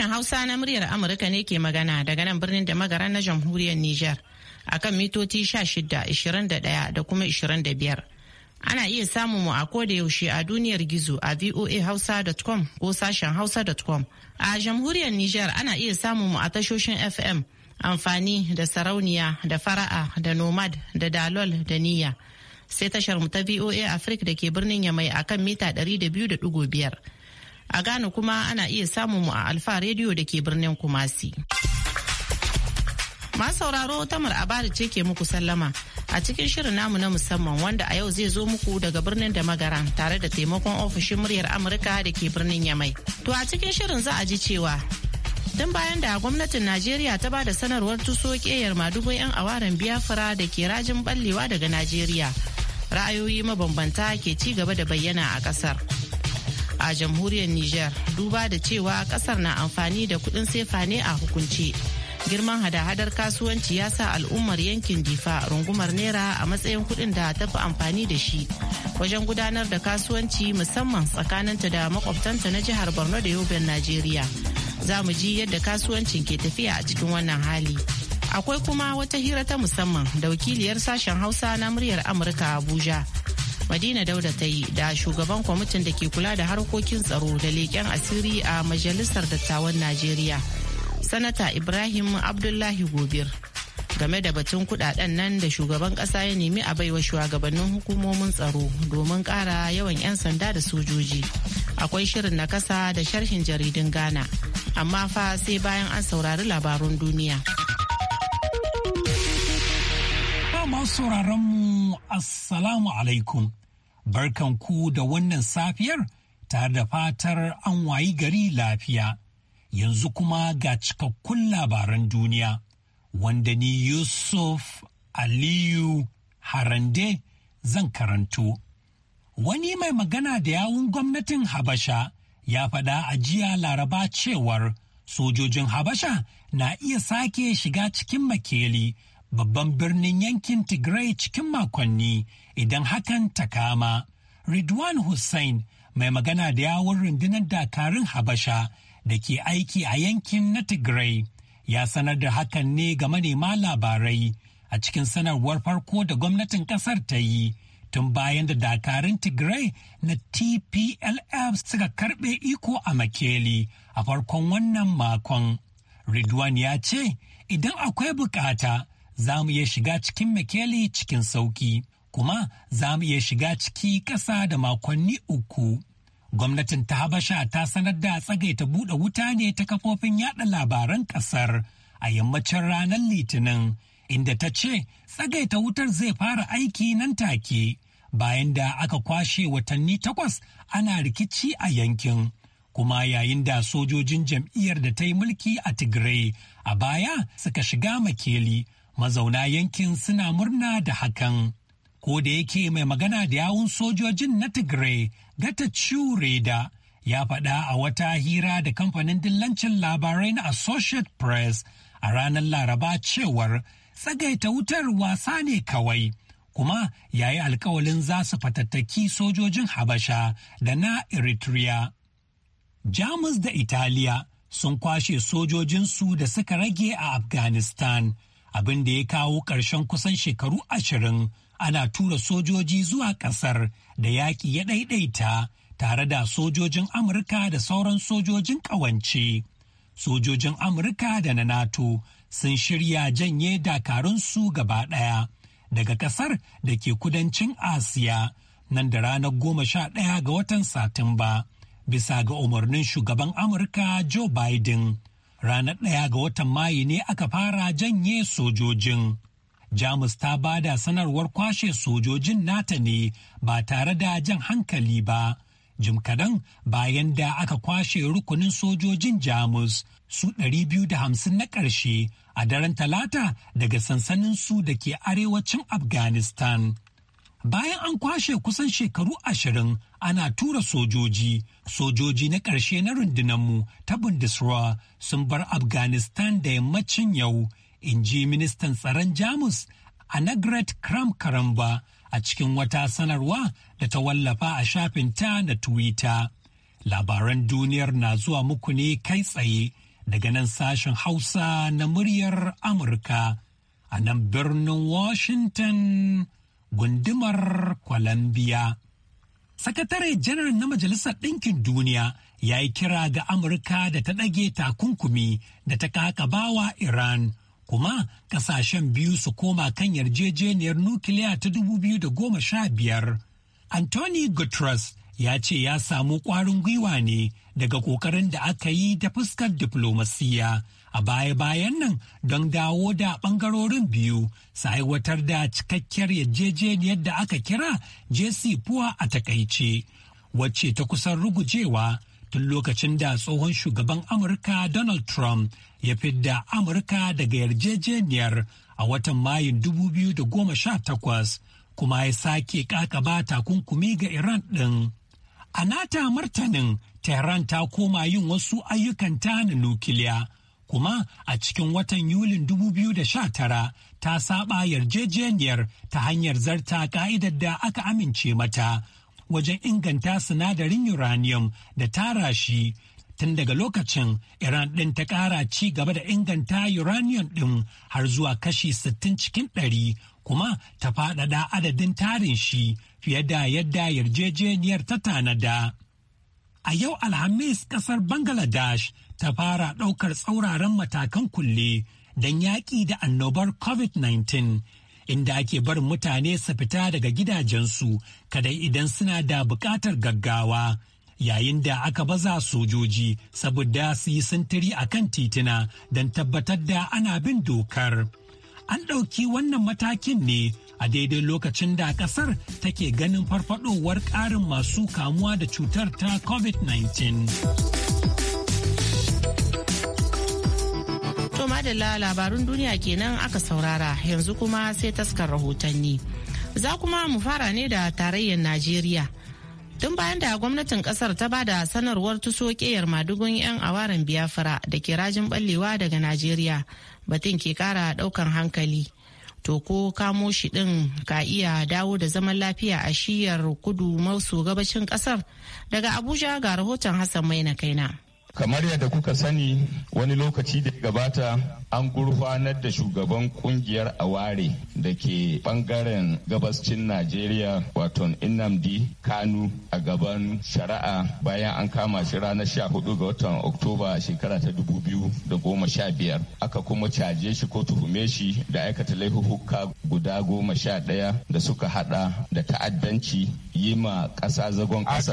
Sashen Hausa na muryar Amurka ne ke magana daga nan birnin da magara na jamhuriyar Nijar akan mitoci 16, 21 da kuma 25. Ana iya samun mu a da yaushe a duniyar gizo a voahausa.com ko sashen hausa.com. A jamhuriyar Nijar ana iya samun mu a tashoshin FM amfani da sarauniya da fara'a da nomad da dalol da niyya. Sai tashar mu ta VOA Africa da ke birnin Yamai kan mita 200.5. A Ghana kuma ana iya samun mu a Alfa Radio da ke birnin Kumasi. Masu sauraro Tamar Abari ce ke muku sallama a cikin shirin namu na musamman wanda a yau zai zo muku daga birnin da magara tare da taimakon ofishin muryar Amurka da ke birnin Yamai. To a cikin shirin za a ji cewa tun bayan da gwamnatin najeriya ta bada sanarwar tuso keyar madugo 'yan awaren biyafura da ke rajin ballewa daga najeriya ra'ayoyi mabambanta ke ci gaba da bayyana a kasar a jamhuriyar Nijar duba da cewa kasar na amfani da kudin sefa ne a hukunce. Girman hada-hadar kasuwanci ya sa al'ummar yankin Difa rungumar Naira a matsayin kudin da tafi amfani da shi wajen gudanar da kasuwanci musamman tsakaninta da makwabtanta na jihar Borno da Yoben Najeriya. Za mu ji yadda kasuwancin ke tafiya a cikin wannan hali. Akwai kuma wata hira ta musamman da wakiliyar sashen Hausa na muryar Amurka Abuja. madina dauda ta yi da shugaban kwamitin da ke kula da harkokin tsaro da leƙen asiri a majalisar dattawan najeriya sanata ibrahim abdullahi gobir game da batun kudaden nan da shugaban ƙasa ya nemi a baiwa shugabannin hukumomin tsaro domin ƙara yawan 'yan sanda da sojoji akwai shirin na kasa da sharhin jaridun ghana amma fa sai bayan an saurari labarun duniya mu Assalamu alaikum. Barkan ku da wannan safiyar tare da fatar an wayi gari lafiya. Yanzu kuma ga cikakkun labaran duniya wanda ni Yusuf Aliyu Harande zan karanto. Wani mai magana da yawun gwamnatin Habasha ya faɗa a jiya laraba cewar sojojin Habasha na iya sake shiga cikin makeli. babban birnin yankin Tigray cikin makonni idan hakan ta kama. Ridwan Hussain, mai magana da yawon rundunar dakarun Habasha da ke aiki a yankin na Tigray ya sanar da hakan ne ga manema labarai a cikin sanarwar farko da gwamnatin kasar ta yi tun bayan da dakarun Tigray na TPLF suka karbe iko a Makeli a farkon wannan makon. Ridwan ya ce, idan akwai bukata za mu iya shiga cikin Mekeli cikin sauki, kuma za mu iya shiga ciki ƙasa da makonni uku. Gwamnatin ta Habasha ta sanar da tsagaita buɗe wuta ne ta kafofin yada labaran ƙasar a yammacin ranar Litinin, inda ta ce tsagaita wutar zai fara aiki nan take bayan da aka kwashe watanni takwas ana rikici a yankin. kuma yayin da sojojin jam'iyyar da ta yi mulki a Tigray a baya suka shiga makeli mazauna yankin suna murna da hakan. Ko da yake mai magana da yawun sojojin na Tigray Getachew da ya faɗa a wata hira da kamfanin dillancin labarai na Associate Press a ranar Laraba cewar tsagaita wutar wasa ne kawai. Kuma yayi alkawalin za su fatattaki sojojin Habasha da na Eritrea. Jamus da Italiya sun kwashe sojojinsu da suka rage a Afghanistan. abin da ya kawo ƙarshen kusan shekaru ashirin ana tura sojoji zuwa ƙasar da yaƙi ya ɗaiɗaita tare da sojojin Amurka da sauran sojojin ƙawance. Sojojin Amurka da na NATO sun shirya janye dakarun su gaba ɗaya daga ƙasar da ke kudancin Asiya nan da ranar goma sha ɗaya ga watan Satumba bisa ga umarnin shugaban Amurka Joe Biden. ranar ɗaya ga watan mayu ne aka fara janye sojojin. Jamus ta ba da sanarwar kwashe sojojin nata ne ba tare da jan hankali ba. Jim kadan bayan da aka kwashe rukunin sojojin Jamus su ɗari biyu da hamsin na ƙarshe a daren talata daga sansanin su da ke arewacin Afghanistan. Bayan an kwashe kusan shekaru ashirin ana tura sojoji, sojoji na ƙarshe na rundunanmu ta bundesrua sun bar Afghanistan da yammacin yau, in ji ministan tsaron Jamus Annegret kram karamba a cikin wata sanarwa da ta wallafa a shafin ta na Twitter. Labaran duniyar na zuwa muku ne kai tsaye daga nan sashen Hausa na muryar Amurka a nan birnin Washington. gundumar Colombia. Sakatare janar na Majalisar Ɗinkin Duniya ya yi kira ga Amurka da ta ɗage takunkumi da ta kaka bawa Iran, kuma ƙasashen biyu su koma kan yarjejeniyar nukiliya ta 2015. Anthony Guterres ya ce ya samu ƙwarin gwiwa ne daga kokarin da aka yi ta fuskar diplomasiya. a baya-bayan nan don dawo da bangarorin biyu su aiwatar da cikakkiyar yarjejeniyar da aka kira JCPOA a takaice, wacce ta kusan rugujewa tun lokacin da tsohon shugaban Amurka Donald Trump ya fidda Amurka daga yarjejeniyar a watan Mayun 2018 kuma ya sake kakaba takunkumi ga Iran din. A nata martanin Tehran ta koma yin wasu ayyukan ta na nukiliya, kuma a cikin watan Yulin 2019 ta saba yarjejeniyar ta hanyar zarta ka'idar da aka amince mata wajen inganta sinadarin uranium da tara shi. Tun daga lokacin Iran ɗin ta ƙara ci gaba da inganta uranium ɗin har zuwa kashi 60 cikin ɗari. kuma ta faɗaɗa adadin tarin shi fiye da yadda yarjejeniyar ta tanada. A yau Alhamis ƙasar Bangladesh ta fara ɗaukar tsauraran matakan kulle don yaƙi da annobar COVID-19 inda ake barin mutane su fita daga gidajensu kadai idan suna da buƙatar gaggawa yayin da aka baza sojoji saboda su yi sintiri a kan titina don tabbatar da ana bin dokar. an ɗauki wannan matakin ne a daidai lokacin da ƙasar take ganin farfadowar ƙarin masu kamuwa da cutar ta covid-19 to madalla labarun duniya kenan aka saurara yanzu kuma sai taskar rahotanni za kuma mu fara ne da tarayyar najeriya tun bayan da gwamnatin kasar ta bada sanarwar tusoƙiyar madugun 'yan awaren biyafara da ke rajin ballewa daga najeriya batun ke kara daukan hankali to ko kamo shi din ka iya dawo da zaman lafiya a shiyar kudu maso gabashin kasar daga abuja ga rahoton hassan mai na kaina kamar yadda kuka sani wani lokaci da ya gabata an gurfanar da shugaban kungiyar aware da ke bangaren gabascin najeriya wato inamdi kanu a gaban shari'a bayan an kama shi ranar 14 ga watan oktoba shekara ta 2015 aka kuma caje shi ko tuhume shi da aikata laifuka guda goma sha ɗaya da suka hada da ta'addanci yi ma ƙasa zagon ƙasa.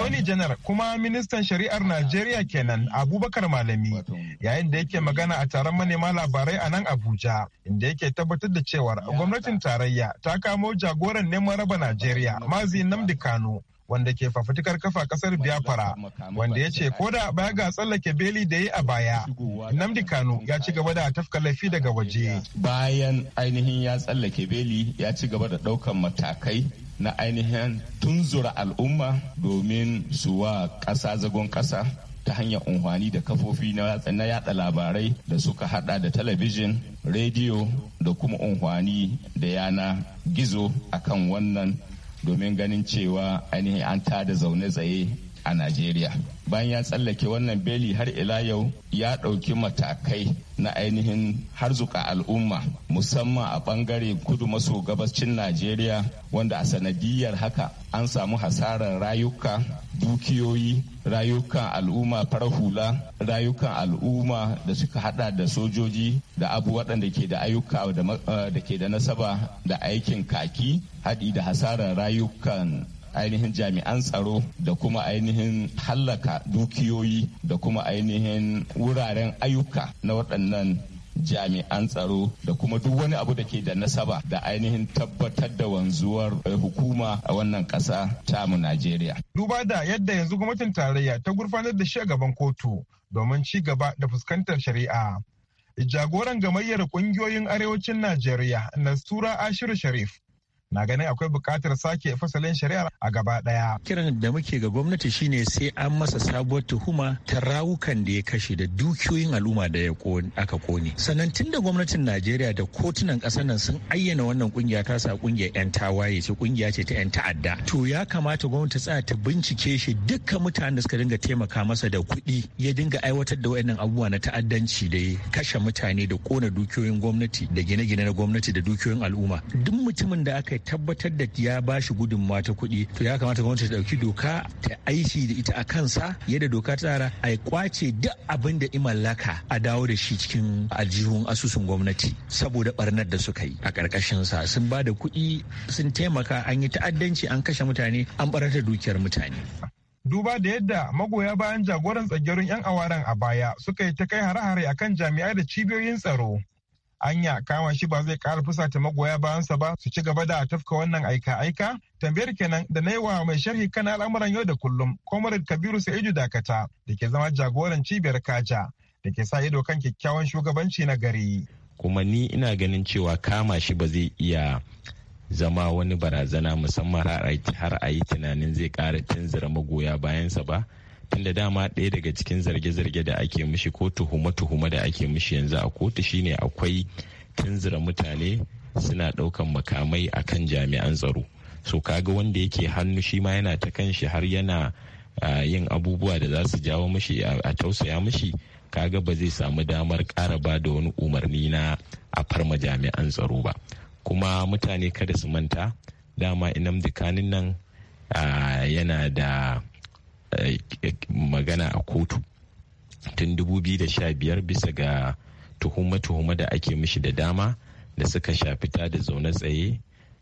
kuma ministan shari'ar najeriya kenan abubakar malami yayin da yake magana a taron manema labarai a nan abuja inda yake tabbatar da cewa gwamnatin tarayya ta kamo jagoran neman raba najeriya mazi namdi kano wanda ke fafutukar kafa kasar biafra wanda ya ce da baya ga tsallake beli da yi a baya namdi kano ya ci gaba da tafka laifi daga waje bayan ainihin ya tsallake beli ya ci gaba da daukan matakai na ainihin tunzura al'umma domin su wa ƙasa zagon ƙasa ta hanyar unhwani da kafofi na yada labarai da suka hada da talabijin rediyo da kuma unhwani da yana gizo akan wannan domin ganin cewa ainihin an tada zaune tsaye a Najeriya. Bayan ya tsallake wannan beli har ila yau ya ɗauki matakai na ainihin harzuka al'umma musamman a ɓangare kudu maso gabascin Najeriya wanda a sanadiyar haka an samu hasarar rayuka, dukiyoyi, rayukan al'umma farahula hula, rayukan al'umma da suka hada da sojoji da abu waɗanda ke da ayyuka eh, da ke da nasaba da aikin kaki haɗi da hasarar rayukan ainihin jami'an tsaro da kuma ainihin hallaka dukiyoyi da kuma ainihin wuraren ayyuka na waɗannan jami'an tsaro da kuma duk wani abu da ke da nasaba da ainihin tabbatar da wanzuwar eh, hukuma a wannan ƙasa ta mu Najeriya. Duba da yadda yanzu gwamnatin tarayya ta gurfanar da shi a gaban kotu domin ci gaba da fuskantar shari'a. Jagoran gamayyar ƙungiyoyin arewacin Najeriya, Nastura Ashiru Sharif, na ganin akwai bukatar sake fasalin shari'a a gaba daya. Kiran da muke ga gwamnati shine sai an masa sabuwar tuhuma ta rawukan da ya kashe da dukiyoyin al'umma da ya aka kone. Sannan tun da gwamnatin Najeriya da kotunan ƙasar nan sun ayyana wannan kungiya ta sa kungiyar 'yan tawaye ce kungiya ce ta 'yan ta'adda. To ya kamata gwamnati tsaya ta bincike shi dukkan mutanen da suka dinga taimaka masa da kuɗi ya dinga aiwatar da wayannan abubuwa na ta'addanci da ya kashe mutane da kona dukiyoyin gwamnati da gine-gine na gwamnati da dukiyoyin al'umma. Duk mutumin da aka kai tabbatar da ya ba shi gudunmawa ta kuɗi to ya kamata gwamnati ta ɗauki doka ta aiki da ita a kansa yadda doka ta tsara a kwace duk abin da imallaka a dawo da shi cikin aljihun asusun gwamnati saboda barnar da suka yi a ƙarƙashin sa sun ba da kuɗi sun taimaka an yi ta'addanci an kashe mutane an barata dukiyar mutane. duba da yadda magoya bayan jagoran tsagerun 'yan awaran a baya suka yi ta kai hare-hare akan jami'ai da cibiyoyin tsaro anya kama shi ba zai kara fusata magoya bayansa ba su ci gaba da tafka wannan aika-aika? Tambayar kenan da na yi wa mai sharhi kan al'amuran yau da kullum, Comrade Kabiru Sa'idu Dakata da ke zama jagoran cibiyar Kaja da ke sa ido kan kyakkyawan shugabanci na gari. Kuma ni ina ganin cewa kama shi ba zai iya zama wani barazana musamman har a yi tunanin zai kara tunzura magoya bayansa ba. tunda dama ɗaya daga cikin zarge-zarge da ake mishi ko tuhuma tuhuma da ake mishi yanzu a kotu shine akwai tunzura mutane suna ɗaukan makamai a kan jami'an tsaro so kaga wanda yake hannu shi ma yana ta kan shi har yana yin abubuwa da za su jawo mishi a tausaya mishi kaga ba zai samu damar ƙara ba da wani umarni na a farma jami'an tsaro ba kuma mutane kada su manta dama inam nan yana da Eh, eh, magana a kotu tun 2015 bisa ga tuhuma tuhuma da ake mishi da dama da suka shafi ta da zaune tsaye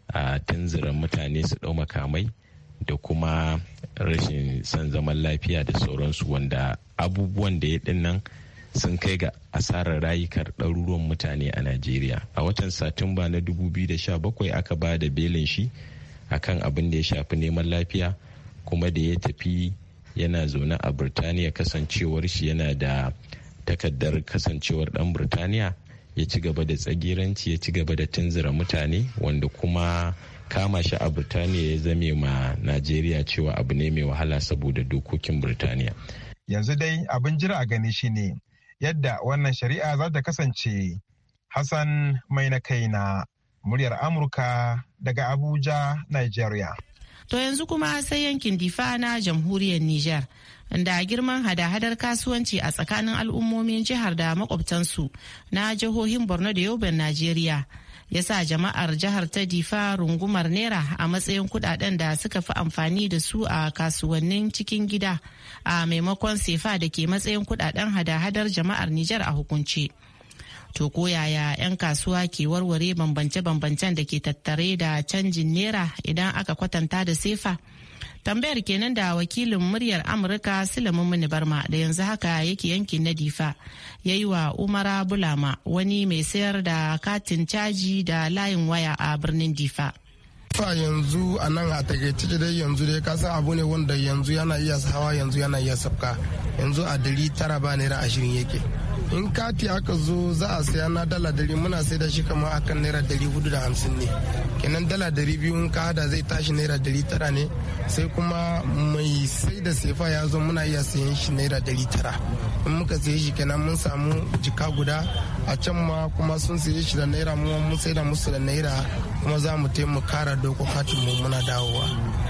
a tunziran mutane su ɗau makamai da kuma rashin son zaman lafiya da sauransu wanda abubuwan da ya dinnan sun kai ga asarar rayukar ɗaruruwan mutane a najeriya a watan satumba na 2017 aka ba da belin shi akan abin da ya shafi neman lafiya kuma da ya tafi yana zaune a birtaniya kasancewar shi yana da takardar kasancewar dan birtaniya ya ci gaba da tsagiranci ya ci gaba da tunzura mutane wanda kuma kama shi a birtaniya ya zame ma najeriya cewa abu ne mai wahala saboda dokokin birtaniya yanzu dai abin jira a gani shine yadda wannan shari'a za ta kasance hassan mai na kai na muryar amurka daga abuja nigeria To yanzu kuma sai yankin Difa na jamhuriyar Nijar. da girman hada-hadar kasuwanci a tsakanin al'ummomin jihar da makwabtansu na jihohin borno da yoben najeriya ya sa jama'ar jihar ta difa rungumar naira a matsayin kudaden da suka fi amfani da su a kasuwannin cikin gida a maimakon sefa da ke matsayin kudaden hada-hadar jama'ar nijar a hukunce. To ko yaya 'yan kasuwa ke warware bambance-bambancen da ke tattare da canjin nera idan aka kwatanta da sefa? Tambayar kenan da wakilin muryar Amurka Sulaiman mini Barma da yanzu haka yake yankin na Difa ya yi wa Umara Bulama wani mai sayar da katin caji da layin waya a birnin Difa. fa yanzu a nan a takaice dai yanzu dai kasan abu ne wanda yanzu yana iya hawa yanzu yana iya sabka yanzu a dari tara ba naira ashirin yake in kati aka zo za a saya na dala dari muna sai da shi kamar akan naira dari hudu da hamsin ne kenan dala dari biyu in ka hada zai tashi naira dari tara ne sai kuma mai sai da sefa ya zo muna iya sayan shi naira dari tara in muka saye shi kenan mun samu jika guda a can ma kuma sun saye shi da naira mu mun sai da musu da naira kuma za mu taimaka da dokokatin mu muna dawowa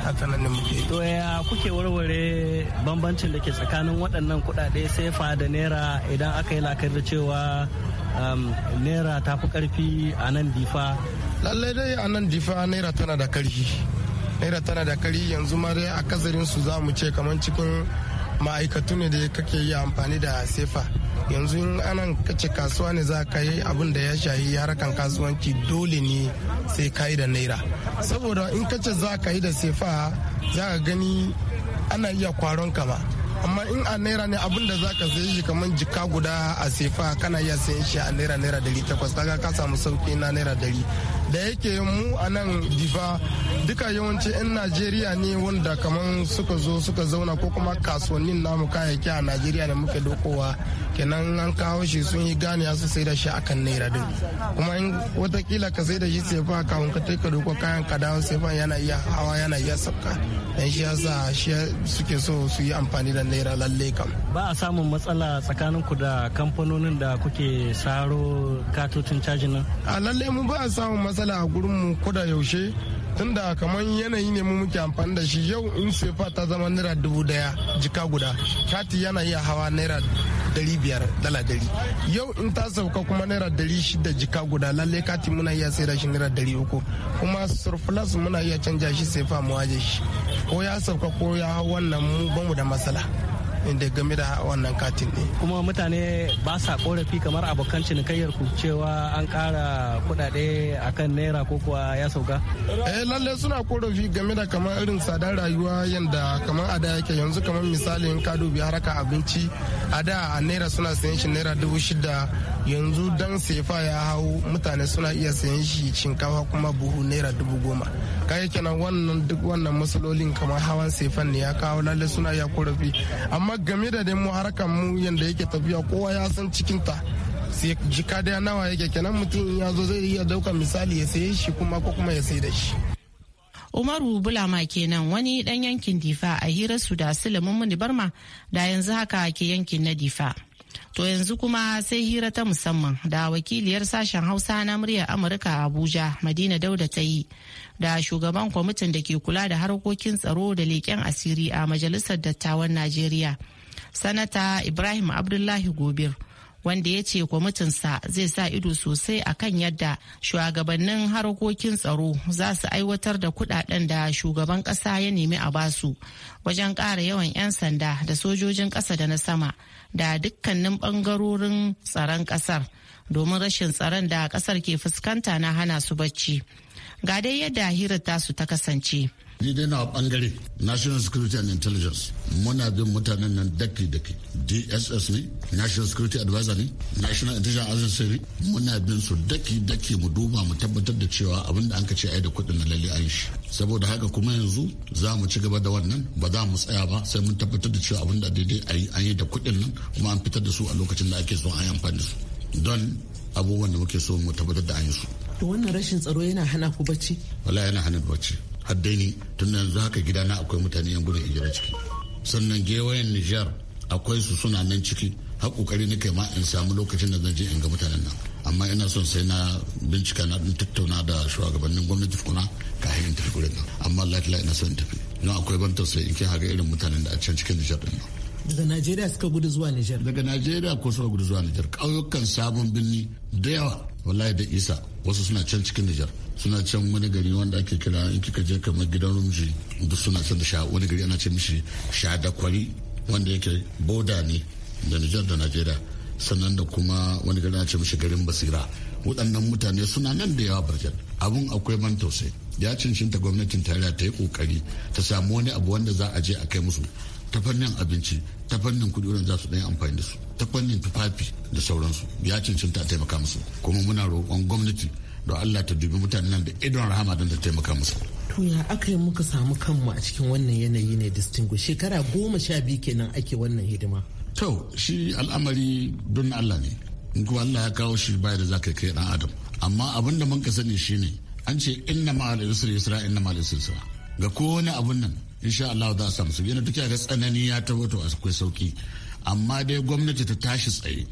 haka muke to ya kuke warware bambancin da ke tsakanin waɗannan kuɗaɗe sefa da naira idan aka yi lakar da cewa um, naira ta fi ƙarfi a nan difa lallai dai a nan difa naira tana da ƙarfi naira tana da ƙarfi yanzu ma dai akasarin su za mu ce kamar cikin ma'aikatu ne da kake yi amfani da sefa yanzu in anan kace kasuwa ne za ka yi abin da ya shahi harkan kasuwanci dole ne sai ka yi da naira saboda in kace za ka yi da sefa za ka gani ana iya kwaron ka ba amma in a naira ne abin da za ka sayi shi kamar jika guda a sefa kana iya sayan shi a naira naira dari takwas kaga ka samu sauki na naira dari da yake mu a nan difa duka yawanci 'yan najeriya ne wanda kamar suka zo suka zauna ko kuma kasuwannin namu kayayyaki a najeriya da muke dokowa kenan an kawo shi sun yi gane su sai da shi akan naira din kuma in watakila ka sai da shi sai fa kawun ka ka doko kayan ka dawo sai fa yana iya hawa yana iya sabka dan shi yasa shi suke so su yi amfani da naira lalle kam ba a samun matsala tsakanin ku da kamfanonin da kuke saro katocin caji nan a lalle mu ba a samun matsala a gurinmu ko da yaushe tunda kamar yanayi ne mu muke amfani da shi yau in sefa ta zama naira dubu daya jika guda kati yana iya hawa naira dari biyar dala dari yau in ta sauka kuma naira dari shida jika guda lalle kati muna iya sai da shi naira dari uku kuma surplus muna iya canja shi sefa mu waje shi ko ya sauka ko ya hau wannan mu bamu da matsala inda game da wannan katin ne kuma mutane ba sa korafi kamar abokan cinikayyar ku cewa an kara kuɗaɗe akan naira ko kuwa ya sauka eh lalle suna korafi game da kamar irin tsadar rayuwa yanda kamar a da yake yanzu kamar misali in ka dubi haraka abinci a da a naira suna sayan shi naira dubu shida yanzu dan sefa ya hau mutane suna iya sayan shi shinkafa kuma buhu naira dubu goma kaga kenan wannan duk wannan matsalolin kamar hawan sefan ne ya kawo lalle suna iya korafi amma game da dai mu harkar mu yanda yake tafiya kowa ya san cikin ta sai jika da nawa yake kenan mutum ya zo zai iya daukar misali ya saye shi kuma ko kuma ya sai da shi Umaru Bulama kenan wani dan yankin Difa a hirar su da Sulaiman Muni Barma da yanzu haka ke yankin na Difa. To yanzu kuma sai hira ta musamman da wakiliyar sashen Hausa na muryar Amurka a Abuja, Madina Dauda ta yi, da shugaban kwamitin da ke kula da harkokin tsaro da leƙen asiri a Majalisar Dattawan Najeriya, Sanata Ibrahim Abdullahi Gobir. wanda ya ce kwamitinsa zai sa ido sosai a kan yadda shugabannin harkokin tsaro za su aiwatar da kudaden da shugaban kasa ya nemi a basu wajen ƙara yawan 'yan sanda da sojojin ƙasa da na sama da dukkanin ɓangarorin tsaron ƙasar domin rashin tsaron da ƙasar ke fuskanta na hana su bacci ga dai yadda hirar tasu ta kasance. ni dai na bangare national security and intelligence muna bin mutanen nan daki daki dss ne national security advisor ne national intelligence agency ne muna bin su daki daki mu duba mu tabbatar da cewa abin da an ce ai da kuɗin na lalle an shi saboda haka kuma yanzu za mu ci gaba da wannan ba za mu tsaya ba sai mun tabbatar da cewa abin da daidai ayi an yi da kuɗin nan kuma an fitar da su a lokacin da ake so an yi amfani su don abubuwan da muke so mu tabbatar da an yi su. To wannan rashin tsaro yana hana ku bacci? Wala yana hana bacci. haddaini tun yanzu haka na akwai mutane yan gudun hijira ciki sannan gewayen nijar akwai su suna nan ciki har kokari nake ma in samu lokacin da zan je in ga mutanen nan amma ina son sai na bincika na tattauna da shugabannin gwamnati kuna ka in tafi gurin nan amma lafiya ina son tafi don akwai ban sai in kin haga irin mutanen da a can cikin nijar din nan daga najeriya suka gudu zuwa nijar daga najeriya ko suka gudu zuwa nijar ƙauyukan sabon birni da yawa wallahi da isa wasu suna can cikin nijar suna can wani gari wanda ake kira in kika je kamar gidan rumji duk suna can da wani gari ana ce mishi shadakwari wanda yake boda ne da nijar da najeriya sannan da kuma wani gari ana ce mishi garin basira waɗannan mutane suna nan da yawa barjan abun akwai man tausayi ya cincinta gwamnatin tarayya ta yi kokari ta samu wani abu wanda za a je a kai musu ta fannin abinci ta fannin kudi wurin za su ɗan amfani da su ta fannin tufafi da sauransu ya cancanta a taimaka musu kuma muna roƙon gwamnati da Allah ta dubi mutanen nan da idon rahama don ta taimaka musu. To ya aka yi muka samu kanmu a cikin wannan yanayi ne distinguish shekara goma sha biyu kenan ake wannan hidima. To shi al'amari don Allah ne in kuma Allah ya kawo shi baya da za ka kai dan adam amma abin da mun ka sani shine an ce inna ma'al yusra yusra inna ma'al yusra ga kowane abun nan insha Allah za a samu sauki yana duka ga tsanani ya tabbata to akwai sauki amma dai gwamnati ta tashi tsaye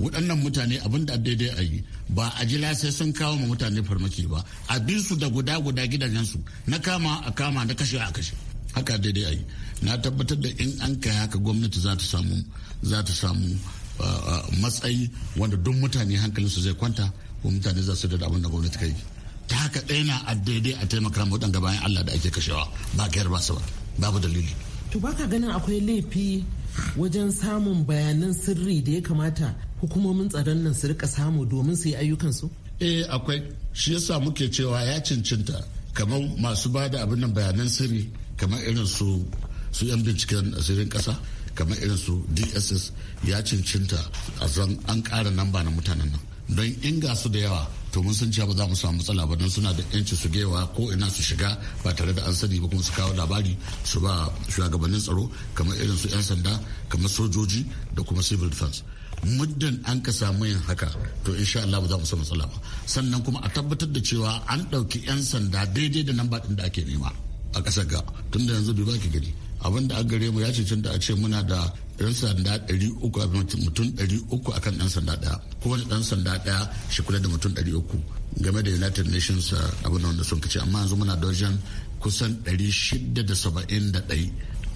waɗannan mutane abin da daidai a yi ba a jila sai sun kawo ma mutane farmaki ba a bi su da guda guda gidajen su na kama a kama na kashe a kashe haka daidai a yi na tabbatar da in an kai haka gwamnati za ta samu za ta samu ah, ah, matsayi wanda duk mutane hankalinsu zai kwanta ko mutane za su da abin da gwamnati ka ta haka ɗaya na a daidai a taimaka mu waɗanda bayan Allah da ake kashewa ba kayar ba ba babu dalili. To ba ganin akwai laifi wajen samun bayanan sirri da ya kamata hukumomin tsaron nan su rika samu domin su yi su Eh akwai shi yasa muke cewa ya cincinta kamar masu ba da abin nan bayanan sirri kamar irin su su yan binciken asirin kasa kamar irin su dss ya cincinta a zan an ƙara namba na mutanen nan don inga su da yawa to mun san cewa ba za mu samu matsala ba don suna da yanci su gewa ko ina su shiga ba tare da an sani ba kuma su kawo labari su ba shugabannin tsaro kamar irin su 'yan sanda kamar sojoji da kuma civil defense muddin an ka samu yin haka to insha Allah ba za mu samu matsala ba sannan kuma a tabbatar da cewa an ɗauki 'yan sanda daidai da nan ɗin da ake nema a ƙasar ga tunda yanzu bai baki gani abin da gare mu ya cancanta a ce muna da yan sanda ɗari uku a mutum ɗari uku a kan ɗan sanda ɗaya kowane ɗan sanda ɗaya shi kula da mutum ɗari uku game da united nations eh, abin da wanda sun kace amma yanzu muna da wajen kusan ɗari shida da saba'in da ɗaya.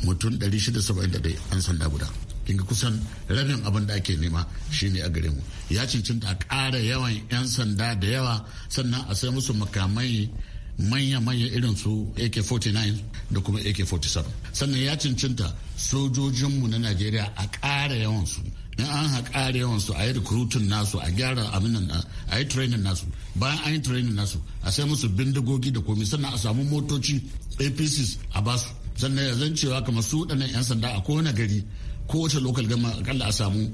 mutum ɗari shida saba'in da ɗaya an sanda guda kinga kusan rabin abin da ake nema shine a gare mu ya cancanta a kara yawan 'yan sanda da yawa sannan a sai musu makamai manya-manya irin su ak-49 da kuma ak-47 sannan ya cincinta sojojinmu na najeriya a ƙara yawansu in an haƙari yawansu a yi rikrutin nasu a gyara abin a yi training nasu bayan an yi training nasu a sai musu bindigogi da komi sannan a samu motoci apcs a basu sannan ya zan cewa kamar su waɗannan 'yan sanda a kowane gari kowace lokal gama akalla a samu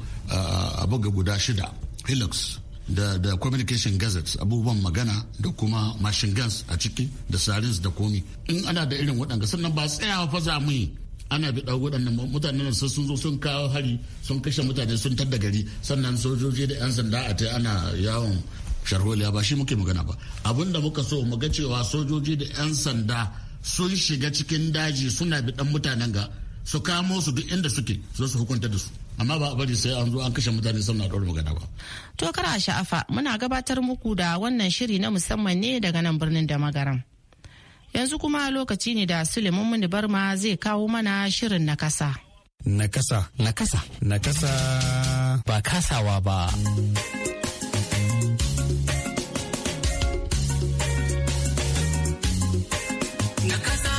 abu ga guda shida hilux da, da communication gazettes abubuwan magana da kuma machine guns a ciki da sarins da komi in ana da irin waɗanda sannan ba tsayawa fa za mu yi ana bi ɗau waɗannan mutanen sun sun zo sun kawo hari sun kashe mutane sun tadda gari sannan sojoji da 'yan sanda a ta ana yawon sharholiya ba shi muke magana ba abin da muka so mu ga cewa sojoji da 'yan sanda sun shiga cikin daji suna bi ɗan mutanen ga su kamo su duk inda suke su hukunta da su amma ba a bari sai an zo an kashe mutane sannan ɗaura magana ba. To a sha'afa muna gabatar muku da wannan shiri na musamman ne daga nan birnin da magaran. Yanzu kuma lokaci ne da Suleiman Muni Barma zai kawo mana shirin na kasa. Na kasa. Na kasa. Na kasa. Ba kasawa ba. Na kasa.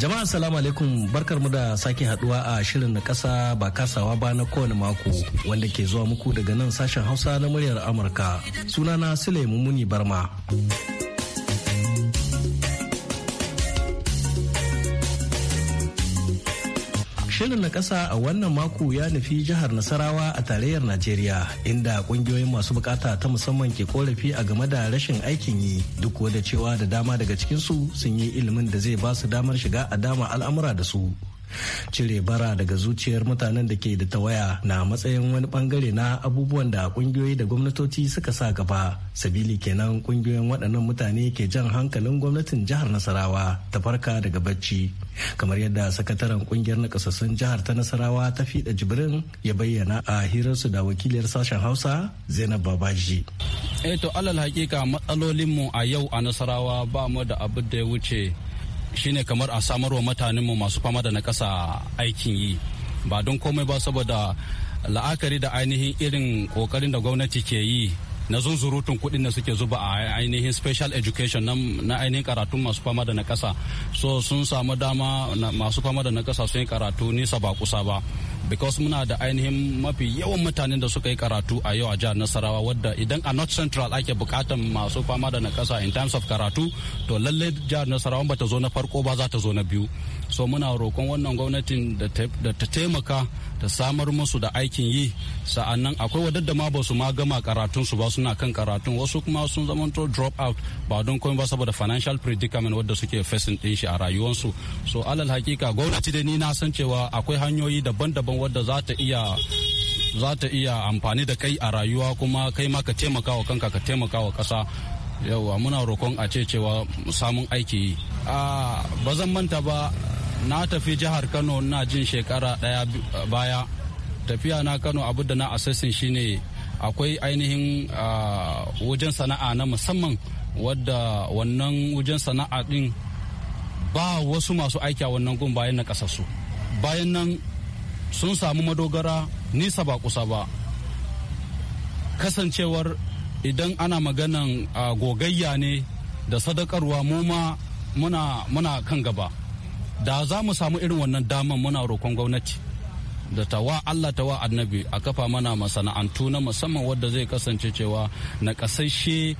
Jama'a salamu alaikum barkar mu da sake haduwa a shirin na kasa ba kasawa ba na kowane mako wanda ke zuwa muku daga nan sashen Hausa na muryar Amurka. Sunana Sule muni Barma. Shirin na ƙasa a wannan mako ya nufi jihar Nasarawa a tarayyar Najeriya inda ƙungiyoyin masu bukata ta musamman ke korafi a game da rashin aikin yi duk da cewa da dama daga cikinsu sun yi ilimin da zai ba su damar shiga a dama al'amura da su. cire bara daga zuciyar mutanen da ke da tawaya na matsayin wani bangare na abubuwan da kungiyoyi da gwamnatoci suka sa gaba sabili kenan kungiyoyin waɗannan mutane ke jan hankalin gwamnatin jihar nasarawa ta farka daga bacci kamar yadda sakataren kungiyar nakasassun jihar ta nasarawa ta fiɗa jibrin ya bayyana a hirarsu da wakiliyar sashen hausa zainab babaji eh to alal hakika matsalolinmu a yau a nasarawa ba mu da abin da ya wuce shine kamar a samar samarwa mutanenmu masu fama da na ƙasa aikin yi ba don komai ba saboda la'akari da ainihin irin ƙoƙarin da gwamnati ke yi na zunzurutun kuɗin da suke zuba a ainihin special education na ainihin karatun masu fama da na ƙasa so sun samu dama masu fama da na ƙasa sun yi karatu nisa ba kusa ba because muna da ainihin mafi yawan mutanen da suka yi karatu a yau a jihar nasarawa wadda idan a north central ake bukatan masu fama da nakasa in terms of karatu to lallai jihar nasarawa bata zo na farko ba za ta zo na biyu so muna roƙon wannan gwamnatin da ta taimaka da samar musu da aikin yi sa'annan akwai wadanda ma ba su ma gama karatunsu ba suna kan karatun wasu kuma sun zamanto drop out ba don komai ba saboda financial predicament wadda suke facing din shi a rayuwarsu so alal hakika gwamnati da ni na san cewa akwai hanyoyi daban-daban wadda za ta iya za ta iya amfani da kai a rayuwa kuma kai ma ka taimaka wa kanka ka taimaka wa ƙasa yauwa muna roƙon a ce cewa samun aiki yi ah, ba zan manta ba na tafi jihar kano na jin shekara daya baya tafiya na kano abu da na assassin shine akwai ainihin wajen sana'a na musamman wadda wannan wajen sana'a din ba wasu masu aiki a wannan gun bayan na kasassu bayan nan sun samu madogara nisa ba kusa ba kasancewar idan ana maganan gogayya ne da sadakarwa mu ma muna kan gaba da za mu samu irin wannan daman muna roƙon gwamnati da ta wa Allah ta wa annabi a kafa mana masana'antu na musamman wadda zai kasance cewa na kasashe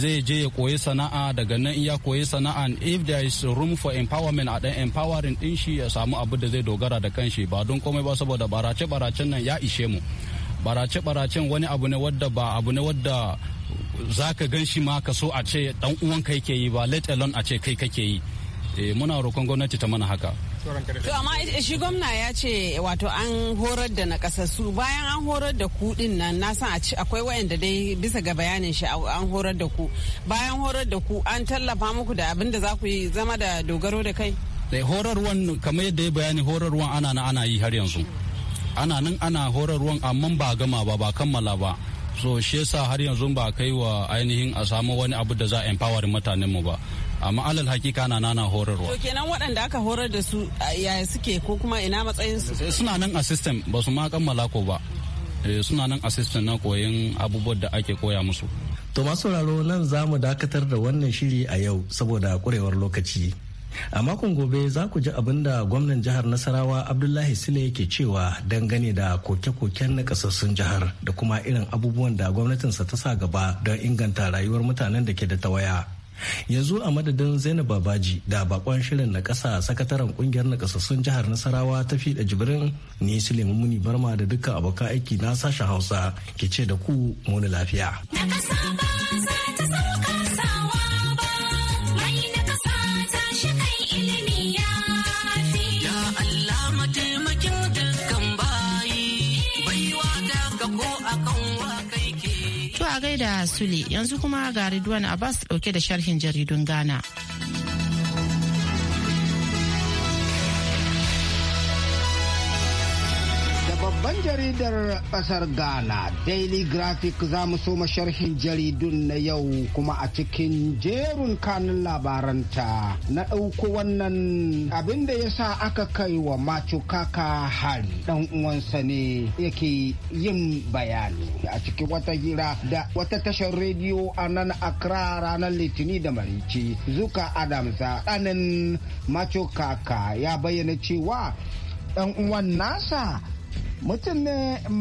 zai je ya koyi sana'a daga nan ya koyi sana'a if there is room for empowerment a dan empowering din shi ya samu abu da zai dogara da kanshi ba don komai ba saboda barace baracen nan ya ishe mu barace baracen wani abu ne wadda ba abu ne wadda zaka gan shi ma ka so a ce dan uwanka yake yi ba let alone a ce kai kake yi Eh, muna roƙon gwamnati ta mana haka to amma shi gwamna ya ce wato an horar da na nakasassu bayan an horar da ku din nan na san akwai wayanda dai bisa ga bayanin shi an horar da ku bayan horar da ku an tallafa muku da abin da za ku yi zama da dogaro da kai Horar eh, horarwan kamar yadda ya bayani horarwan ana na ana yi har yanzu ana nan ana horarwan amma ba gama ba ba kammala ba so shi yasa har yanzu ba kai wa ainihin a samu wani abu da za a empower mutanen mu ba amma alal hakika na nana horarwa to kenan waɗanda aka horar da su yaya suke ko kuma ina matsayin su eh, suna nan a system ba su ma kammala ko ba eh, suna nan a system na koyon abubuwan da ake koya musu to masu sauraro nan za mu dakatar da wannan shiri a yau saboda kurewar lokaci a makon gobe za ku ji abin da gwamnan jihar nasarawa abdullahi sile yake cewa dangane da koke-koken na kasassun jihar da kuma irin abubuwan da gwamnatinsa ta sa gaba don inganta rayuwar mutanen da ke da tawaya yanzu a madadin zainab babaji da bakon shirin na kasa sakataren kungiyar nakasassun jihar nasarawa ta fiɗa jibirin ni silimin muni barma da duka abokan aiki na sashen hausa ke ce da ku muni lafiya. Sule yanzu kuma ga Ridwan Abbas dauke da sharhin jaridun Ghana. Babban jaridar ƙasar Ghana Daily Graphic za mu so sharhin jaridun na yau kuma a cikin jerun kanun labaranta na ɗauko wannan abin da ya sa aka kai wa Machukaka hari ɗan uwansa ne yake yin bayani a cikin wata hira da wata tashar rediyo a nan Accra ranar Litini da Marici Zuka Adamsa ɗanin Machukaka ya bayyana cewa ɗan uwan nasa mutum ne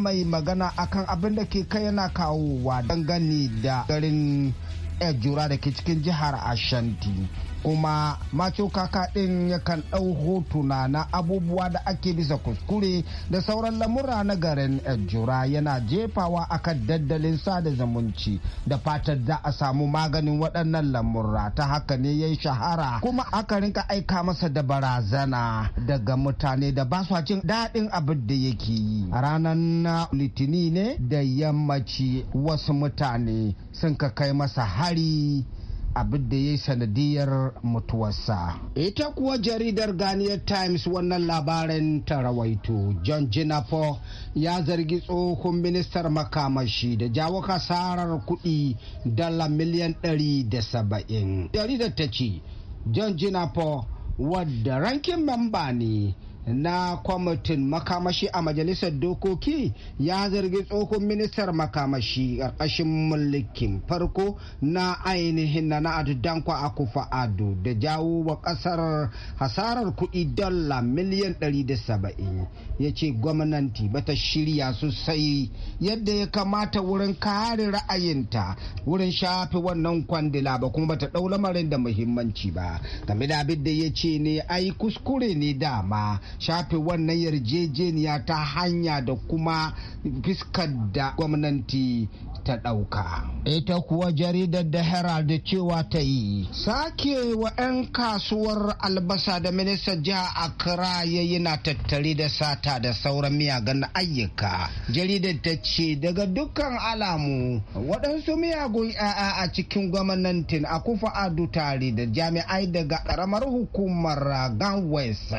mai magana akan abin da ke kai yana kawowa dangane da garin ejura da ke cikin jihar ashanti kuma macho kaka ɗin yakan ɗau hotuna na abubuwa da ake bisa kuskure da sauran lamura na garin jura yana jefawa akan daddalin sada zumunci da fatar za a samu maganin waɗannan lamura ta haka ne ya shahara kuma aka rinka aika masa da barazana daga mutane da ba su jin daɗin abin da yake yi a ranar litini ne da yammaci wasu mutane sun ka kai masa hari abin da ya yi sanadiyar mutuwarsa. Ita kuwa jaridar Ghanaian Times wannan labarin ta rawaito John Jinapo ya zargi tsohon ministar makamashi da jawo kasarar kuɗi dala miliyan ɗari da saba'in. Jaridar ta ce, John Jinapo wadda rankin mamba ne na kwamitin makamashi a majalisar dokoki ya zargi tsohon ministar makamashi ƙarƙashin mulkin farko na ainihin na na a kufa ado da jawo wa ƙasar hasarar kuɗi dala miliyan 170 ya ce gwamnati bata shirya sosai yadda ya kamata wurin kare ra'ayinta wurin shafe wannan kwandila ba kuma bata ɗau lamarin da muhimmanci ba game da abin da ya ce ne ai kuskure ne dama shafe wannan yarjejeniya ta hanya da kuma fiskar da gwamnati ta ɗauka. Ita kuwa jaridar da Herald cewa ta yi, sake wa 'yan kasuwar albasa da ministan jiha Accra ya yi na tattare da sata da sauran miyagan ayyuka. Jaridar ta ce daga dukkan alamu waɗansu miyagun 'ya'ya a cikin gwamnatin a kufa adu tare da jami'ai daga ƙaramar hukumar Gan West.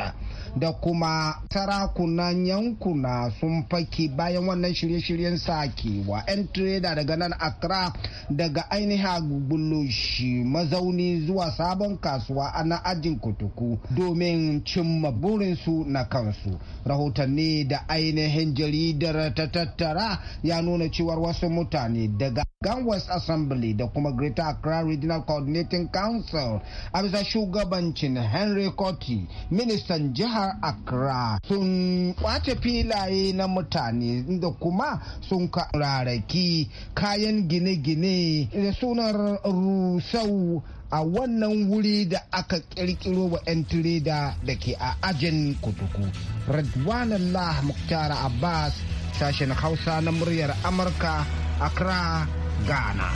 da kuma sarakunan yankuna sun faki bayan wannan shirye-shiryen sakewa 'yan tireda daga nan accra daga ainihin bullo shi mazauni zuwa sabon kasuwa ana ajin kotoku, domin cimma burinsu na kansu rahotanni da ainihin jaridar ta tattara ya nuna cewar wasu mutane daga gan West Assembly da kuma Greater Accra Regional Coordinating Council a bisa shugabancin Henry Cotti, ministan jihar Accra sun kwace filaye na mutane da kuma sun rarraki kayan gine-gine da sunar rusau a wannan wuri da aka kirkiro wa 'yan tireda da ke a ajin kutuku. Radwanallah Muktar Abbas sashen Hausa na muryar Amurka Accra, Ghana.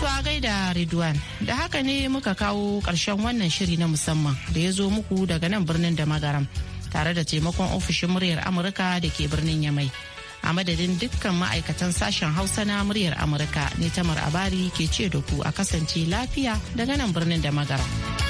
Tuwa gaida Ridwan, da haka ne muka kawo ƙarshen wannan shiri na musamman da ya zo muku daga nan birnin da magaram. tare da taimakon ofishin muryar amurka da ke birnin yamai a madadin dukkan ma'aikatan sashen hausa na muryar amurka ne tamar abari ke ce da ku a kasance lafiya daga nan birnin da magara.